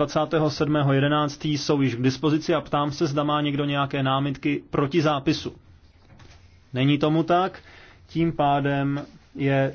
27.11. jsou již k dispozici a ptám se, zda má někdo nějaké námitky proti zápisu. Není tomu tak, tím pádem je